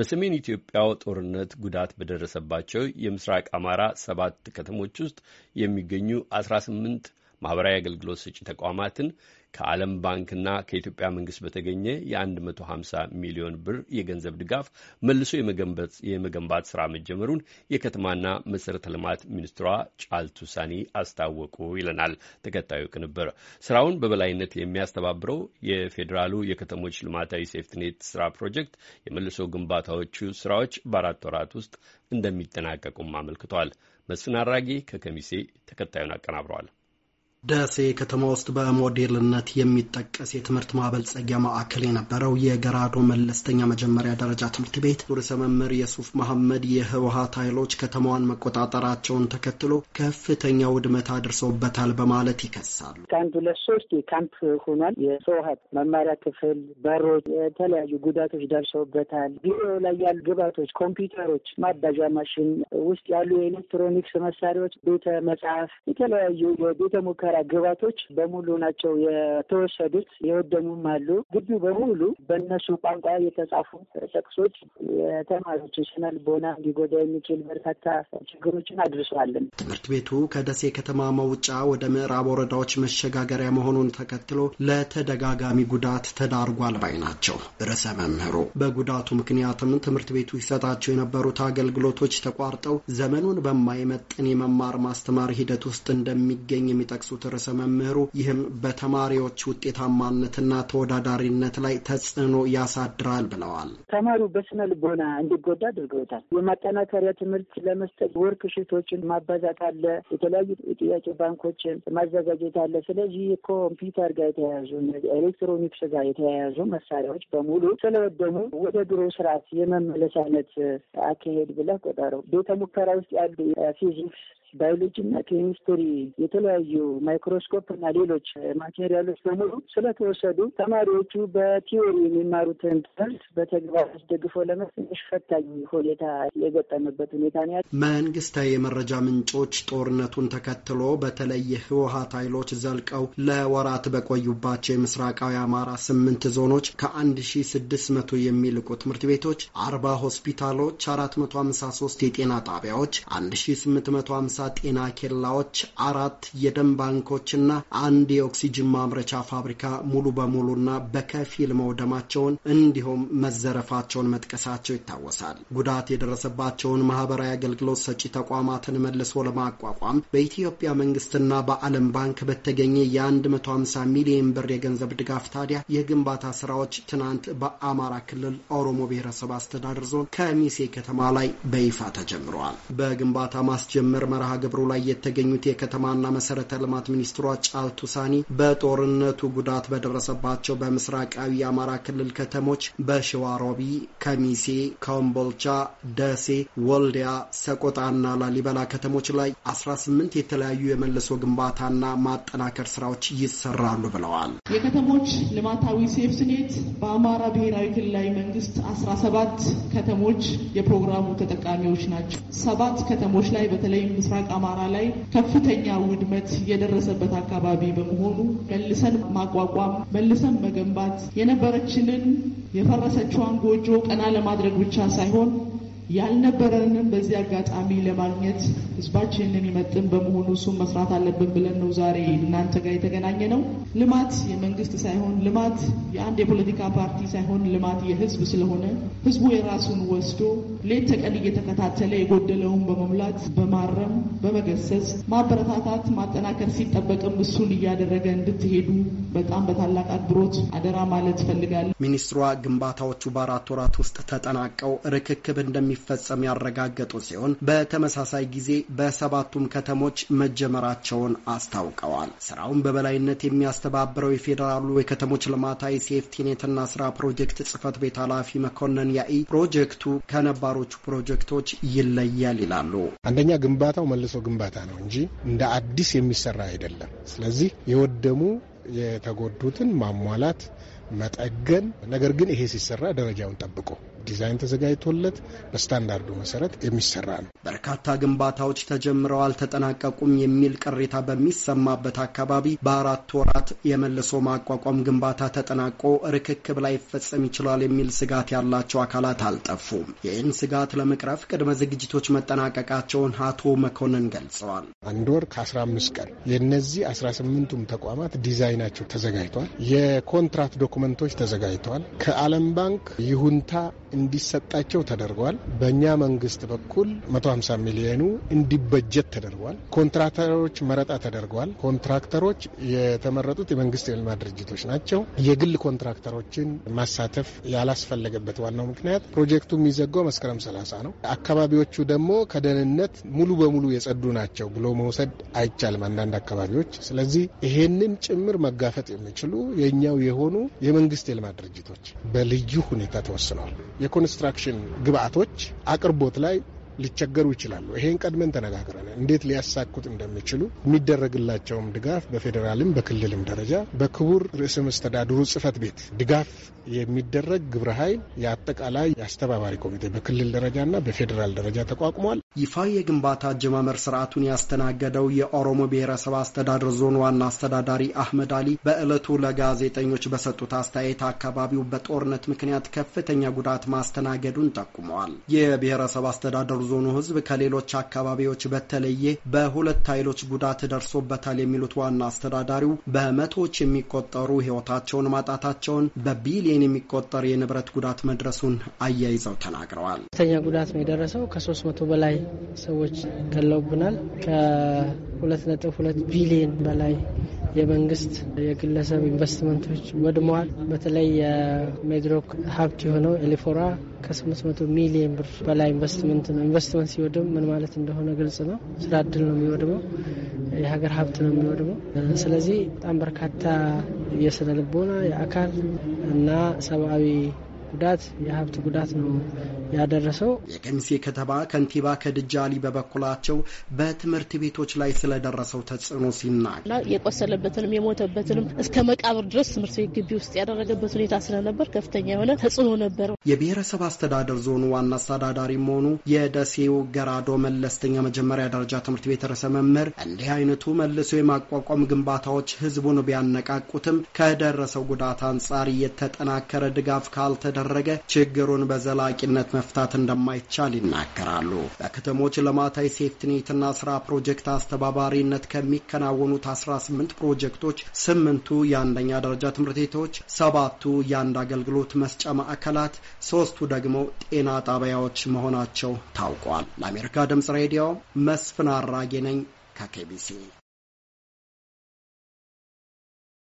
በሰሜን ኢትዮጵያው ጦርነት ጉዳት በደረሰባቸው የምስራቅ አማራ ሰባት ከተሞች ውስጥ የሚገኙ 18 ማህበራዊ አገልግሎት ሰጪ ተቋማትን ከዓለም ባንክና ከኢትዮጵያ መንግስት በተገኘ የ150 ሚሊዮን ብር የገንዘብ ድጋፍ መልሶ የመገንባት ስራ መጀመሩን የከተማና መሰረተ ልማት ሚኒስትሯ ጫልቱ ሳኒ አስታወቁ ይለናል ተከታዩ ቅንብር። ስራውን በበላይነት የሚያስተባብረው የፌዴራሉ የከተሞች ልማታዊ ሴፍትኔት ስራ ፕሮጀክት የመልሶ ግንባታዎቹ ስራዎች በአራት ወራት ውስጥ እንደሚጠናቀቁም አመልክቷል። መስፍን አራጌ ከከሚሴ ተከታዩን አቀናብረዋል። ደሴ ከተማ ውስጥ በሞዴልነት የሚጠቀስ የትምህርት ማበልጸጊያ ማዕከል የነበረው የገራዶ መለስተኛ መጀመሪያ ደረጃ ትምህርት ቤት ርዕሰ መምህር የሱፍ መሐመድ የህወሀት ኃይሎች ከተማዋን መቆጣጠራቸውን ተከትሎ ከፍተኛ ውድመት አድርሰውበታል በማለት ይከሳሉ። ከአንድ ሁለት ሶስት የካምፕ ሆኗል። የህወሀት መማሪያ ክፍል በሮች፣ የተለያዩ ጉዳቶች ደርሰውበታል። ቢሮ ላይ ያሉ ግባቶች፣ ኮምፒውተሮች፣ ማባዣ ማሽን ውስጥ ያሉ የኤሌክትሮኒክስ መሳሪያዎች፣ ቤተ መጽሐፍ፣ የተለያዩ የቤተ የመጀመሪያ ግባቶች በሙሉ ናቸው የተወሰዱት። የወደሙም አሉ። ግቢው በሙሉ በእነሱ ቋንቋ የተጻፉ ጥቅሶች የተማሪዎችን ስነልቦና እንዲጎዳ የሚችል በርካታ ችግሮችን አድርሷልን። ትምህርት ቤቱ ከደሴ ከተማ መውጫ ወደ ምዕራብ ወረዳዎች መሸጋገሪያ መሆኑን ተከትሎ ለተደጋጋሚ ጉዳት ተዳርጓል ባይ ናቸው ርዕሰ መምህሩ። በጉዳቱ ምክንያትም ትምህርት ቤቱ ይሰጣቸው የነበሩት አገልግሎቶች ተቋርጠው ዘመኑን በማይመጥን የመማር ማስተማር ሂደት ውስጥ እንደሚገኝ የሚጠቅሱት ያሉት ርዕሰ መምህሩ ይህም በተማሪዎች ውጤታማነትና ተወዳዳሪነት ላይ ተጽዕኖ ያሳድራል ብለዋል። ተማሪው በስነ ልቦና እንዲጎዳ አድርገውታል። የማጠናከሪያ ትምህርት ለመስጠት ወርክ ሽቶችን ማባዛት አለ፣ የተለያዩ ጥያቄ ባንኮችን ማዘጋጀት አለ። ስለዚህ ኮምፒውተር ጋር የተያያዙ ኤሌክትሮኒክስ ጋር የተያያዙ መሳሪያዎች በሙሉ ስለወደሙ ወደ ድሮ ስርዓት የመመለስ አይነት አካሄድ ብለህ ቆጠረው። ቤተ ሙከራ ውስጥ ያሉ ፊዚክስ ባዮሎጂ እና ኬሚስትሪ የተለያዩ ማይክሮስኮፕ እና ሌሎች ማቴሪያሎች በሙሉ ስለተወሰዱ ተማሪዎቹ በቲዮሪ የሚማሩትን ትምህርት በተግባር አስደግፎ ለመትንሽ ፈታኝ ሁኔታ የገጠመበት ሁኔታ ነው ያለው። መንግስታዊ የመረጃ ምንጮች ጦርነቱን ተከትሎ በተለይ የህወሀት ኃይሎች ዘልቀው ለወራት በቆዩባቸው የምስራቃዊ አማራ ስምንት ዞኖች ከአንድ ሺ ስድስት መቶ የሚልቁ ትምህርት ቤቶች፣ አርባ ሆስፒታሎች፣ አራት መቶ ሀምሳ ሶስት የጤና ጣቢያዎች፣ አንድ ሺ ስምንት መቶ ሀምሳ የአንበሳ ጤና ኬላዎች፣ አራት የደም ባንኮችና አንድ የኦክሲጅን ማምረቻ ፋብሪካ ሙሉ በሙሉና በከፊል መውደማቸውን እንዲሁም መዘረፋቸውን መጥቀሳቸው ይታወሳል። ጉዳት የደረሰባቸውን ማህበራዊ አገልግሎት ሰጪ ተቋማትን መልሶ ለማቋቋም በኢትዮጵያ መንግስትና በዓለም ባንክ በተገኘ የ150 ሚሊዮን ብር የገንዘብ ድጋፍ ታዲያ የግንባታ ስራዎች ትናንት በአማራ ክልል ኦሮሞ ብሔረሰብ አስተዳደር ዞን ከሚሴ ከተማ ላይ በይፋ ተጀምረዋል። በግንባታ ማስጀመር መርሃ መርሃ ግብሩ ላይ የተገኙት የከተማና መሰረተ ልማት ሚኒስትሯ ጫልቱ ሳኒ በጦርነቱ ጉዳት በደረሰባቸው በምስራቃዊ የአማራ ክልል ከተሞች በሸዋሮቢ፣ ከሚሴ፣ ከምቦልቻ፣ ደሴ፣ ወልዲያ፣ ሰቆጣና ላሊበላ ከተሞች ላይ 18 የተለያዩ የመልሶ ግንባታና ማጠናከር ስራዎች ይሰራሉ ብለዋል። የከተሞች ልማታዊ ሴፍትኔት በአማራ ብሔራዊ ክልላዊ መንግስት 17 ከተሞች የፕሮግራሙ ተጠቃሚዎች ናቸው። ሰባት ከተሞች ላይ በተለይም ምስራ ምስራቅ አማራ ላይ ከፍተኛ ውድመት የደረሰበት አካባቢ በመሆኑ መልሰን ማቋቋም መልሰን መገንባት የነበረችንን የፈረሰችዋን ጎጆ ቀና ለማድረግ ብቻ ሳይሆን ያልነበረንም በዚህ አጋጣሚ ለማግኘት ህዝባችንን የሚመጥን በመሆኑ እሱም መስራት አለብን ብለን ነው ዛሬ እናንተ ጋር የተገናኘ ነው። ልማት የመንግስት ሳይሆን ልማት የአንድ የፖለቲካ ፓርቲ ሳይሆን ልማት የህዝብ ስለሆነ ህዝቡ የራሱን ወስዶ ሌት ተቀን እየተከታተለ የጎደለውን በመሙላት በማረም በመገሰጽ ማበረታታት ማጠናከር ሲጠበቅም እሱን እያደረገ እንድትሄዱ በጣም በታላቅ አክብሮት አደራ ማለት ፈልጋለሁ። ሚኒስትሯ ግንባታዎቹ በአራት ወራት ውስጥ ተጠናቀው ርክክብ እንደሚፈጸም ያረጋገጡ ሲሆን በተመሳሳይ ጊዜ በሰባቱም ከተሞች መጀመራቸውን አስታውቀዋል። ስራውን በበላይነት የሚያስተባብረው የፌዴራሉ የከተሞች ልማታዊ ሴፍቲኔትና ስራ ፕሮጀክት ጽህፈት ቤት ኃላፊ መኮንን ያኢ ፕሮጀክቱ ከነባሮቹ ፕሮጀክቶች ይለያል ይላሉ። አንደኛ ግንባታው መልሶ ግንባታ ነው እንጂ እንደ አዲስ የሚሰራ አይደለም። ስለዚህ የወደሙ የተጎዱትን ማሟላት መጠገን። ነገር ግን ይሄ ሲሰራ ደረጃውን ጠብቆ ዲዛይን ተዘጋጅቶለት በስታንዳርዱ መሰረት የሚሰራ ነው። በርካታ ግንባታዎች ተጀምረው አልተጠናቀቁም የሚል ቅሬታ በሚሰማበት አካባቢ በአራት ወራት የመልሶ ማቋቋም ግንባታ ተጠናቆ ርክክብ ላይ ይፈጸም ይችላል የሚል ስጋት ያላቸው አካላት አልጠፉም። ይህን ስጋት ለመቅረፍ ቅድመ ዝግጅቶች መጠናቀቃቸውን አቶ መኮንን ገልጸዋል። አንድ ወር ከ15 ቀን የእነዚህ 18ቱም ተቋማት ዲዛይናቸው ተዘጋጅቷል። የኮንትራት ዶኩ ዶክመንቶች ተዘጋጅተዋል። ከዓለም ባንክ ይሁንታ እንዲሰጣቸው ተደርጓል። በእኛ መንግስት በኩል 150 ሚሊዮኑ እንዲበጀት ተደርጓል። ኮንትራክተሮች መረጣ ተደርጓል። ኮንትራክተሮች የተመረጡት የመንግስት የልማት ድርጅቶች ናቸው። የግል ኮንትራክተሮችን ማሳተፍ ያላስፈለገበት ዋናው ምክንያት ፕሮጀክቱ የሚዘጋው መስከረም 30 ነው። አካባቢዎቹ ደግሞ ከደህንነት ሙሉ በሙሉ የጸዱ ናቸው ብሎ መውሰድ አይቻልም አንዳንድ አካባቢዎች። ስለዚህ ይሄንን ጭምር መጋፈጥ የሚችሉ የእኛው የሆኑ የመንግስት የልማት ድርጅቶች በልዩ ሁኔታ ተወስነዋል። የኮንስትራክሽን ግብአቶች አቅርቦት ላይ ሊቸገሩ ይችላሉ። ይሄን ቀድመን ተነጋግረን እንዴት ሊያሳኩት እንደሚችሉ የሚደረግላቸውም ድጋፍ በፌዴራልም በክልልም ደረጃ በክቡር ርዕሰ መስተዳድሩ ጽህፈት ቤት ድጋፍ የሚደረግ ግብረ ኃይል የአጠቃላይ የአስተባባሪ ኮሚቴ በክልል ደረጃና በፌዴራል ደረጃ ተቋቁሟል። ይፋ የግንባታ አጀማመር ስርዓቱን ያስተናገደው የኦሮሞ ብሔረሰብ አስተዳደር ዞን ዋና አስተዳዳሪ አህመድ አሊ በዕለቱ ለጋዜጠኞች በሰጡት አስተያየት አካባቢው በጦርነት ምክንያት ከፍተኛ ጉዳት ማስተናገዱን ጠቁመዋል። የብሔረሰብ አስተዳደሩ ዞኑ ህዝብ ከሌሎች አካባቢዎች በተለየ በሁለት ኃይሎች ጉዳት ደርሶበታል የሚሉት ዋና አስተዳዳሪው በመቶዎች የሚቆጠሩ ህይወታቸውን ማጣታቸውን በቢሊየን የሚቆጠር የንብረት ጉዳት መድረሱን አያይዘው ተናግረዋል። ከፍተኛ ጉዳት ነው የደረሰው። ከሶስት መቶ በላይ ሰዎች ገለውብናል። ሁለት ቢሊዮን በላይ የመንግስት የግለሰብ ኢንቨስትመንቶች ወድመዋል። በተለይ የሜድሮክ ሀብት የሆነው ኤሊፎራ ከ800 ሚሊዮን ብር በላይ ኢንቨስትመንት ነው። ኢንቨስትመንት ሲወድም ምን ማለት እንደሆነ ግልጽ ነው። ስራ እድል ነው የሚወድመው፣ የሀገር ሀብት ነው የሚወድመው። ስለዚህ በጣም በርካታ የስነ ልቦና የአካል እና ሰብአዊ ጉዳት የሀብት ጉዳት ነው ያደረሰው። የቀሚሴ ከተማ ከንቲባ ከድጃ አሊ በበኩላቸው በትምህርት ቤቶች ላይ ስለደረሰው ተጽዕኖ ሲናገሩ የቆሰለበትንም የሞተበትንም እስከ መቃብር ድረስ ትምህርት ቤት ግቢ ውስጥ ያደረገበት ሁኔታ ስለነበር ከፍተኛ የሆነ ተጽዕኖ ነበረው። የብሔረሰብ አስተዳደር ዞኑ ዋና አስተዳዳሪ መሆኑ የደሴው ገራዶ መለስተኛ መጀመሪያ ደረጃ ትምህርት ቤት ርዕሰ መምህር እንዲህ አይነቱ መልሶ የማቋቋም ግንባታዎች ህዝቡን ቢያነቃቁትም ከደረሰው ጉዳት አንጻር የተጠናከረ ድጋፍ ካልተደ ካላደረገ ችግሩን በዘላቂነት መፍታት እንደማይቻል ይናገራሉ። በከተሞች ልማታዊ ሴፍትኔትና ስራ ፕሮጀክት አስተባባሪነት ከሚከናወኑት 18 ፕሮጀክቶች ስምንቱ የአንደኛ ደረጃ ትምህርት ቤቶች፣ ሰባቱ የአንድ አገልግሎት መስጫ ማዕከላት፣ ሶስቱ ደግሞ ጤና ጣቢያዎች መሆናቸው ታውቋል። ለአሜሪካ ድምጽ ሬዲዮ መስፍን አራጌ ነኝ ከኬቢሲ